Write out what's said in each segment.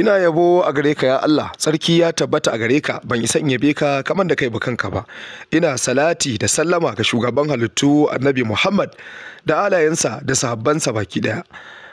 ina yabo a gare ka ya Allah tsarki ya tabbata a gare ka ban isa in yabe ka kamar da kai bakanka ba ina salati da sallama ga shugaban halittu annabi Muhammad da alayensa da sahabbansa baki daya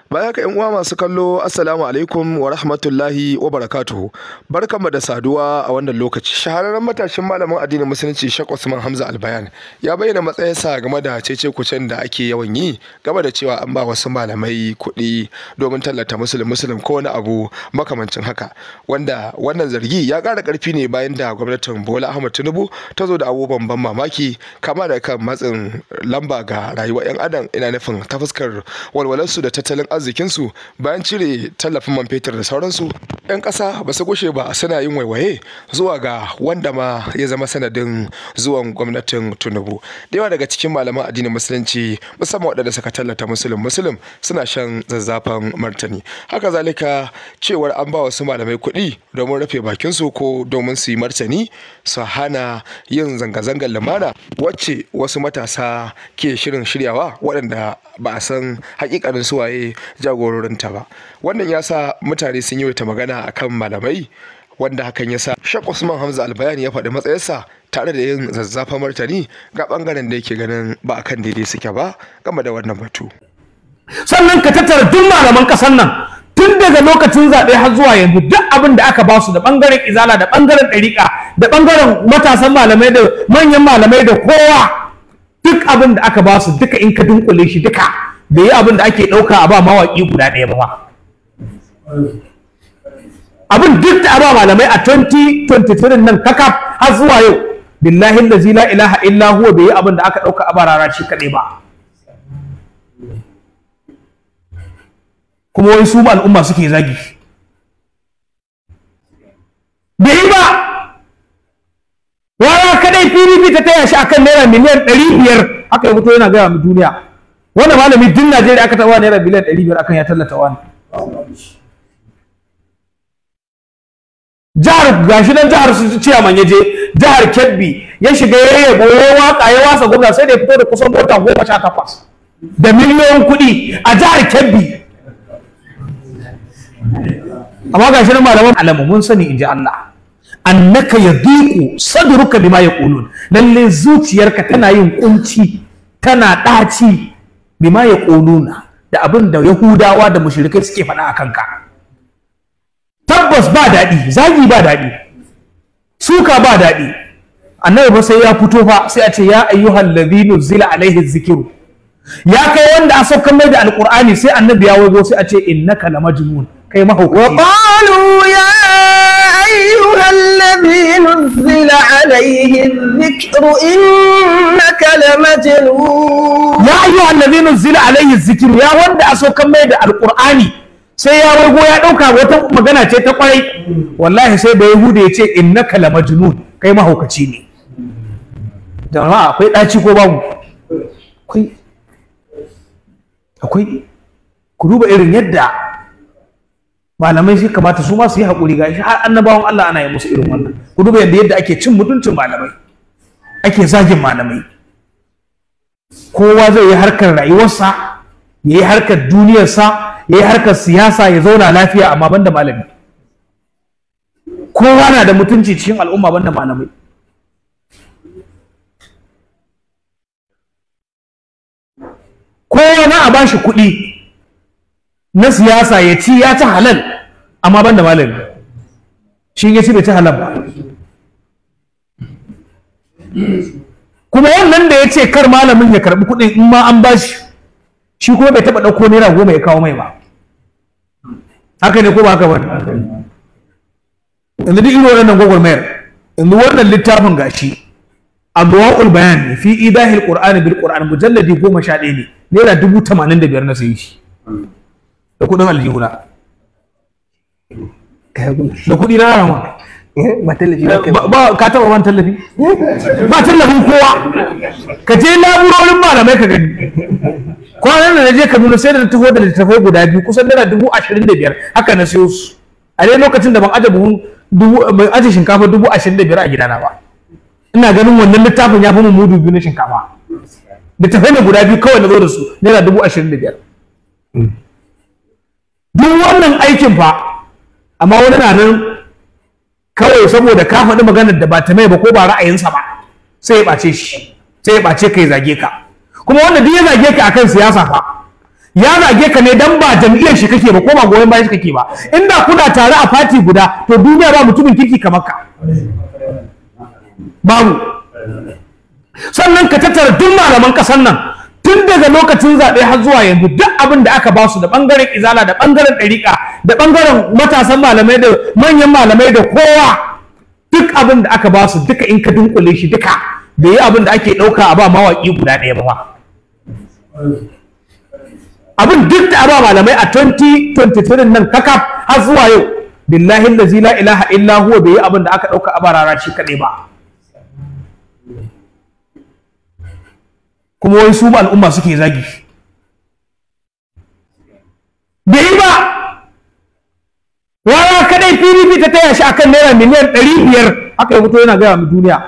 Baya ka uwa masu kallo Assalamu alaikum wa rahmatullahi wa barakatuhu. Barkanmu da saduwa a wannan lokaci. Shahararren matashin malamin addinin musulunci shek Usman Hamza Albayan ya bayyana matsayinsa game da cece kucen da ake yawan yi game da cewa an ba wasu malamai kuɗi domin tallata musulun musulun ko wani abu makamancin haka. Wanda wannan zargi ya ƙara ƙarfi ne bayan da gwamnatin Bola Ahmad Tinubu ta zo da abubuwan ban mamaki kama da kan matsin lamba ga rayuwar 'yan adam ina nufin ta fuskar walwalarsu da tattalin arzikinsu bayan cire tallafin man fetur da sauransu 'yan ƙasa ba su gushe ba suna yin waiwaye zuwa ga wanda ma ya zama sanadin zuwan gwamnatin tunubu da yawa daga cikin malaman addinin musulunci musamman waɗanda suka tallata musulun musulun suna shan zazzafan martani haka zalika cewar an ba wasu malamai kuɗi domin rufe bakinsu ko domin su yi martani su hana yin zanga-zangar lumana wacce wasu matasa ke shirin shiryawa waɗanda ba a san hakikanin suwaye jagororinta ba wannan ya sa mutane sun yi wata magana akan malamai wanda hakan ya sa Sheikh Usman Hamza Albayani ya faɗi matsayarsa tare da yin zazzafa martani ga ɓangaren da yake ganin ba a kan daidai suke ba game da wannan batu sannan ka tattara duk malaman ƙasar nan tun daga lokacin zaɓe har zuwa yanzu duk abin da aka ba su da ɓangaren izala da ɓangaren ɗariƙa da ɓangaren matasan malamai da manyan malamai da kowa duk abin da aka ba su duka in ka dunkule shi duka bai yi abin da ake ɗauka a ba mawaƙi guda ɗaya ba abin duk da ba malamai a 2023 nan kaka har zuwa yau billahi lazi la ilaha illa huwa bai yi abin da aka ɗauka a ba rara shi kaɗai ba kuma wai su ba al'umma suke zagi bai yi ba wara kaɗai pdp ta taya shi akan naira miliyan ɗari biyar haka ya mutu yana gaya mu duniya wannan malami din Najeriya aka taɓa naira biliyan ɗari biyar akan ya tallata wani jihar gashi nan jihar su a ya je jihar Kebbi ya shiga ya yi ya waka ya wasa gwamna sai da ya fito da kusan mota goma sha takwas da miliyoyin kuɗi a jihar Kebbi amma gashi nan malaman alamu mun sani in ji Allah annaka ya duku, yadhiqu ma ya yaqulun Lallai zuciyarka tana yin kunci tana ɗaci bima ya ƙonuna da abin da yahudawa da mushrikai suke faɗa a kanka tabbas ba daɗi zagi ba daɗi suka ba daɗi annabi ba sai ya fito fa sai a ce ya ayyuhal ladhina zila alaihi zikiru ya kai wanda a saukan mai da alqur'ani sai annabi ya wago sai a ce innaka lamajnun kai mahaukaci wa qalu ya أيها الذي نزل عليه الذكر Ya لمجنون يا أيها الذي نزل عليه الذكر يا وند أسوك ميد القرآن sai ya wargo ya ɗauka wata magana ce ta kwarai wallahi sai da yahuda ya ce innaka la majnun kai mahaukaci ne jama'a akwai ɗaci ko babu akwai ku duba irin yadda malamai shi kamata su ma su yi hakuri ga shi har annabawan Allah ana yi musu irin wannan ku duba yadda yadda ake cin mutuncin malamai ake zagin malamai kowa zai yi harkar rayuwarsa ya yi harkar duniyarsa ya yi harkar siyasa ya zauna lafiya amma banda malami kowa na da mutunci cikin al'umma banda malamai kowa na a bashi kuɗi na siyasa ya ci ya ci halal amma ban da malami shi ya ci bai ci halal ba kuma wannan da ya ce kar malamin ya karbi kuɗin in ma an bashi shi kuma bai taɓa ɗauko naira goma ya kawo mai ba haka ne ko ba haka ba yanzu duk irin waɗannan gwagwarmayar yanzu wannan littafin gashi adwa'ul bayan fi idahil qur'ani bil qur'an mujalladi 11 ne naira dubu da biyar na sayi shi da kudin aljihuna da kudi na rama ba tallafi ba ka taba ban tallafi ba tallafin kowa ka je laburorin malamai ka gani kwanan da na je kaduna sai da na taho da littattafai guda biyu kusan dala dubu ashirin da biyar haka na siyo su a dai lokacin da ban aje buhun ban aje shinkafa dubu ashirin da biyar a gidana ba ina ganin wannan littafin ya fi mu mudu biyu na shinkafa littattafai ne guda biyu kawai na zo da su naira dubu ashirin da biyar duk wannan aikin fa amma wani na nan kawai saboda ka faɗi maganar da ba ta mai ba ko ba ra'ayinsa ba sai ya ɓace shi sai ya ɓace ka ya zage ka kuma wanda duk ya zage ka akan siyasa fa ya zage ka ne dan ba jam'iyyar shi kake ba ko ba goyon bayan shi kake ba in inda kuna tare a fati guda to duniya ba mutumin kirki kamar ka babu sannan ka tattara duk malaman ƙasar nan tun daga lokacin zaɓe har zuwa yanzu duk abin da aka ba su da ɓangaren izala da ɓangaren ɗariƙa da ɓangaren matasan malamai da manyan malamai da kowa duk abin da aka ba su duka in ka dunkule shi duka da yi abin da ake ɗauka a ba mawaƙi guda ɗaya ba abin duk da ba malamai a 2023 nan kakaf har zuwa yau billahi lazi la ilaha illa huwa bai yi abin da aka ɗauka a ba shi kaɗai ba kuma wai su al'umma suke zagi da yi ba rana kadai pdp ta taya shi akan naira miliyan ɗari biyar aka yi mutu yana gaya mu duniya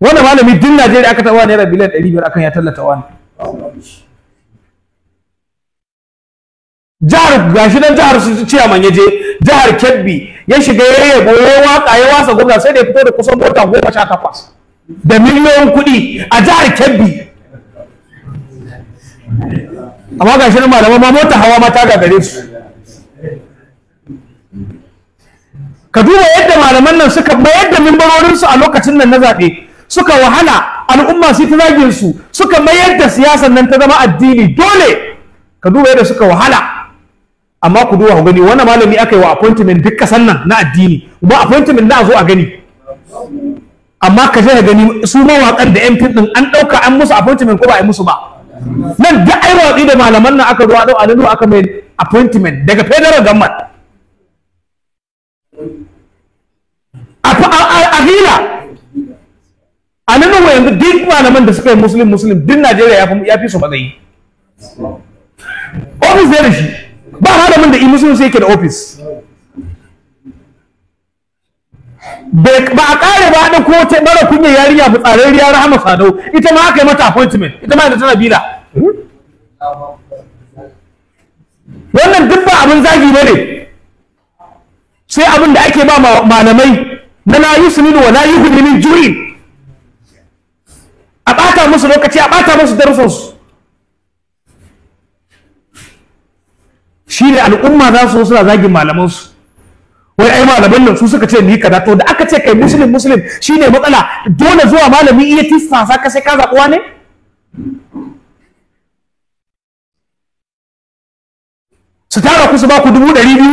wanda malami duk najeriya aka tawa naira miliyan ɗari biyar akan ya tallata wani jihar gashi nan jihar su ciyaman ya je jihar kebbi ya shiga ya yabo ya waka ya wasa gwamna sai da ya fito da kusan mota goma sha takwas da miliyoyin kuɗi a jihar kebbi amma ga shi malama ma mota hawa mata ga gare su ka duba yadda malaman nan suka bayar da mimbarorinsu a lokacin nan na zaɓe suka wahala al'umma su ta zagin su suka mayar da siyasan nan ta zama addini dole ka duba yadda suka wahala amma ku duba ku gani wani malami aka yi wa appointment duk kasan nan na addini ba appointment na zo a gani amma ka je ka gani su mawaƙan da yan din an ɗauka an musu appointment ko ba a yi musu ba nan duk ai watsi da malaman nan aka zuwa dau alalu aka mai appointment daga federal government a hila a nan wa yanzu duk malaman da suka yi muslim muslim duk najeriya ya fi su matsayi ofis da shi ba malamin da muslim sai yake da ofis ba a kare ba da kowace mara kunya yarinya fitsararriya rahama sadau ita ma aka yi mata appointment ita ma da tana bila wannan duk ba abin zagi ba ne sai abin da ake ba malamai na na yi suninu wa na yi hudumin juyin? a ɓata musu lokaci a ɓata musu darussansu shi ne al'umma za su suna zagin malamansu wai ai malaman nan su suka ce ni kaza to da aka ce kai muslim muslim shine matsala dole zuwa malami iya tisasa ka sai ka zaɓuwa ne su tara ku su ba ku dubu ɗari biyu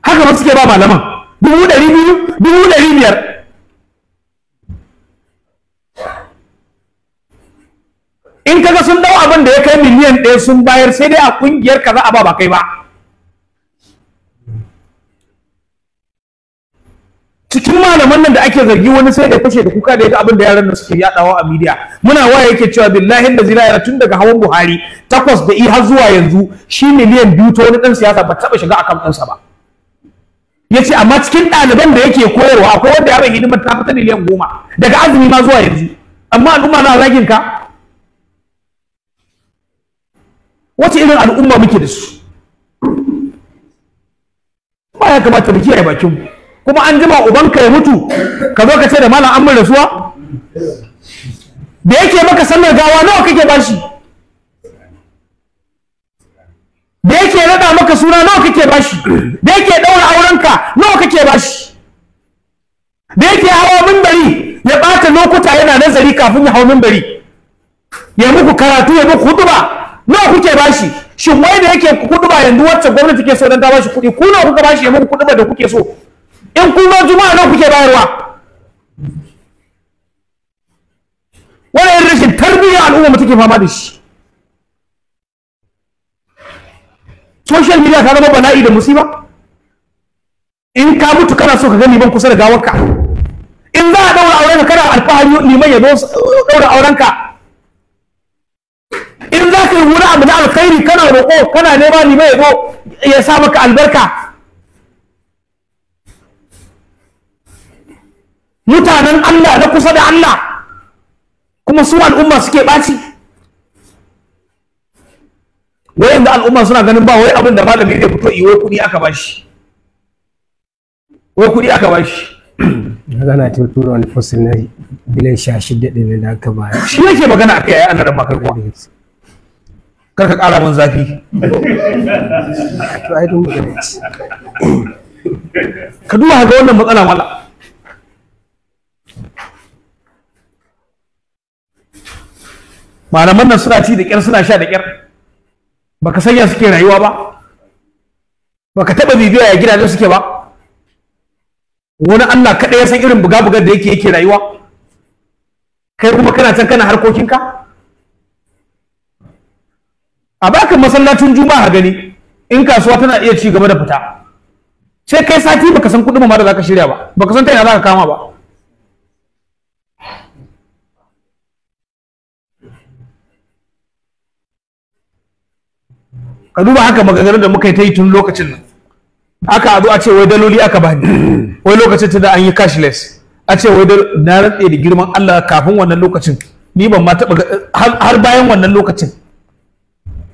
haka ba suke ba malaman dubu ɗari biyu dubu ɗari biyar in kaga sun dau abin da ya kai miliyan ɗaya sun bayar sai dai a ƙungiyar kaza a ba ba kai ba cikin malaman nan da ake zargi wani sai da fashe da kuka da yaga abin da yaran nan suke yadawa a media muna waya yake cewa billahi da la yara tun daga hawan buhari takwas da i har zuwa yanzu shi miliyan biyu ta wani dan siyasa ba taba shiga akan ɗansa ba yace amma cikin ɗaliban da yake koyarwa akwai wanda ya rage hidimar ta fita miliyan goma daga azumi ma zuwa yanzu amma al'umma na ragin ka wace irin al'umma muke da su ba ya kamata mu kiyaye bakin mu kuma an jima ubanka ya mutu ka zo ka ce da malam an rasuwa da yake maka sannan gawa nawa kake bashi da yake rada maka suna nawa kake bashi da yake daura aurenka nawa kake bashi da yake hawa minbari ya bata lokuta yana nazari kafin ya hawa minbari ya muku karatu ya muku huduba nawa kuke bashi shin wai da yake kuduba yanzu wacce gwamnati ke so dan ta bashi kuɗi ku nawa kuka bashi ya muku kuduba da kuke so in kuma juma'a nan kuke bayarwa wani yin rashin tarbiyyar al'umma take fama da shi social media ta zama bala'i da musiba in ka mutu kana so ka gani ban kusa da gawarka in za a daura aurenka kana alfahari liman ya zo daura aurenka in za ka yi wani abu na alkhairi kana roƙo kana nema ne ya zo ya sa maka albarka mutanen Allah na kusa da Allah kuma su al'umma suke ɓaci wai da al'umma suna ganin ba wai abin da malami zai fito iwo kuɗi aka bashi wai kuɗi aka bashi gana ta tura wani fasil na bilan sha shidda ɗin da aka ba shi yake magana a kai a yanar makar kwa kar ka ƙara mun zafi ka duba ga wannan matsala mala malaman nan suna ci da ƙyar suna sha da ƙyar baka sanya suke rayuwa ba baka taɓa bibiya ya gidaje suke ba wani Allah kaɗai ya san irin buga-bugar da yake yake rayuwa kai kuma kana can kana harkokinka a baka masallacin juma'a gani in kasuwa tana iya ci gaba da fita sai kai sati baka san kuɗin ma da zaka shirya ba baka san ta ina zaka kama ba a duba haka maganganun da muka yi ta yi tun lokacin nan aka a zo a ce wai daloli aka bani wai lokacin ta da an yi cashless a ce wai na rantse da girman Allah kafin wannan lokacin ni ban ma taɓa har bayan wannan lokacin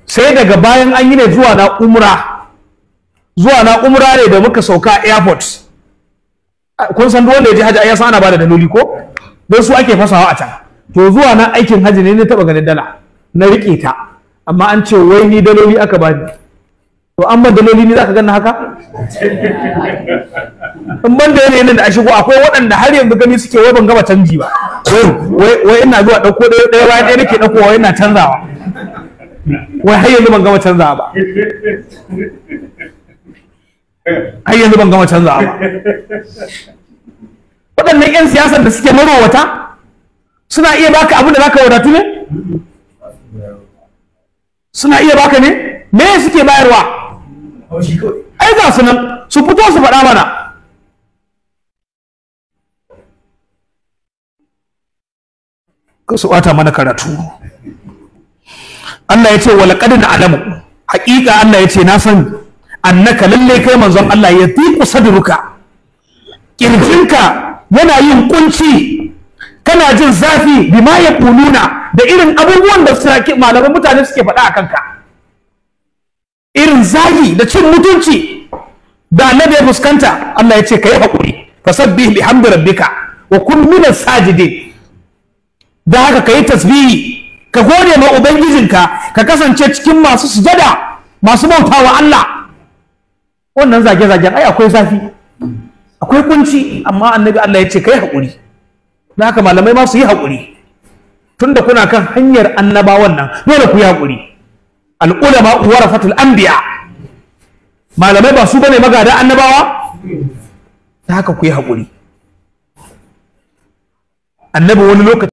sai daga bayan an yi ne zuwa na umra zuwa na umra ne da muka sauka airport kun san duk wanda ya je haji ya ana bada daloli ko don su ake fasawa a can to zuwa na aikin hajji ne na taɓa ganin dala na riƙe ta amma an ce wai ni daloli aka bani to an ban daloli ni za ka gani haka in ban da yanayin da a shigo akwai waɗanda har yanzu gani suke wai ban gama canji ba wai ina zuwa ɗauko ɗaya ɗaya bayan ɗaya nake ɗauko wai ina canzawa wai har yanzu ban gama canzawa ba har yanzu ban gama canzawa ba waɗannan 'yan siyasar da suke marowata suna iya baka abin da za ka wadatu ne suna iya baka ne me suke bayarwa ai za su nan su fito su faɗa mana ka su ɓata mana karatu Allah ya ce walaƙad na alamu haƙiƙa Allah ya ce na sani annaka lalle kai manzon Allah ya fi kusa da ruka ƙirjinka yana yin kunci kana jin zafi ma ya kununa da irin abubuwan da suke malaman mutane suke faɗa a kanka irin zagi da cin mutunci da annabi ya fuskanta Allah ya ce kai ka fasabbih bihamdi rabbika wa kun min sajidin da haka kai tasbihi ka gode ma ubangijinka ka kasance cikin masu sujada masu wa Allah wannan zage-zagen ai akwai zafi akwai kunci amma annabi Allah ya ce kai haƙuri. da haka malamai ma su yi haƙuri. tunda kuna kan hanyar annabawan nan dole ku yi al'ulama warafatul anbiya malamai ba su bane magada annabawa ta haka ku yi haƙuri annabi wani lokaci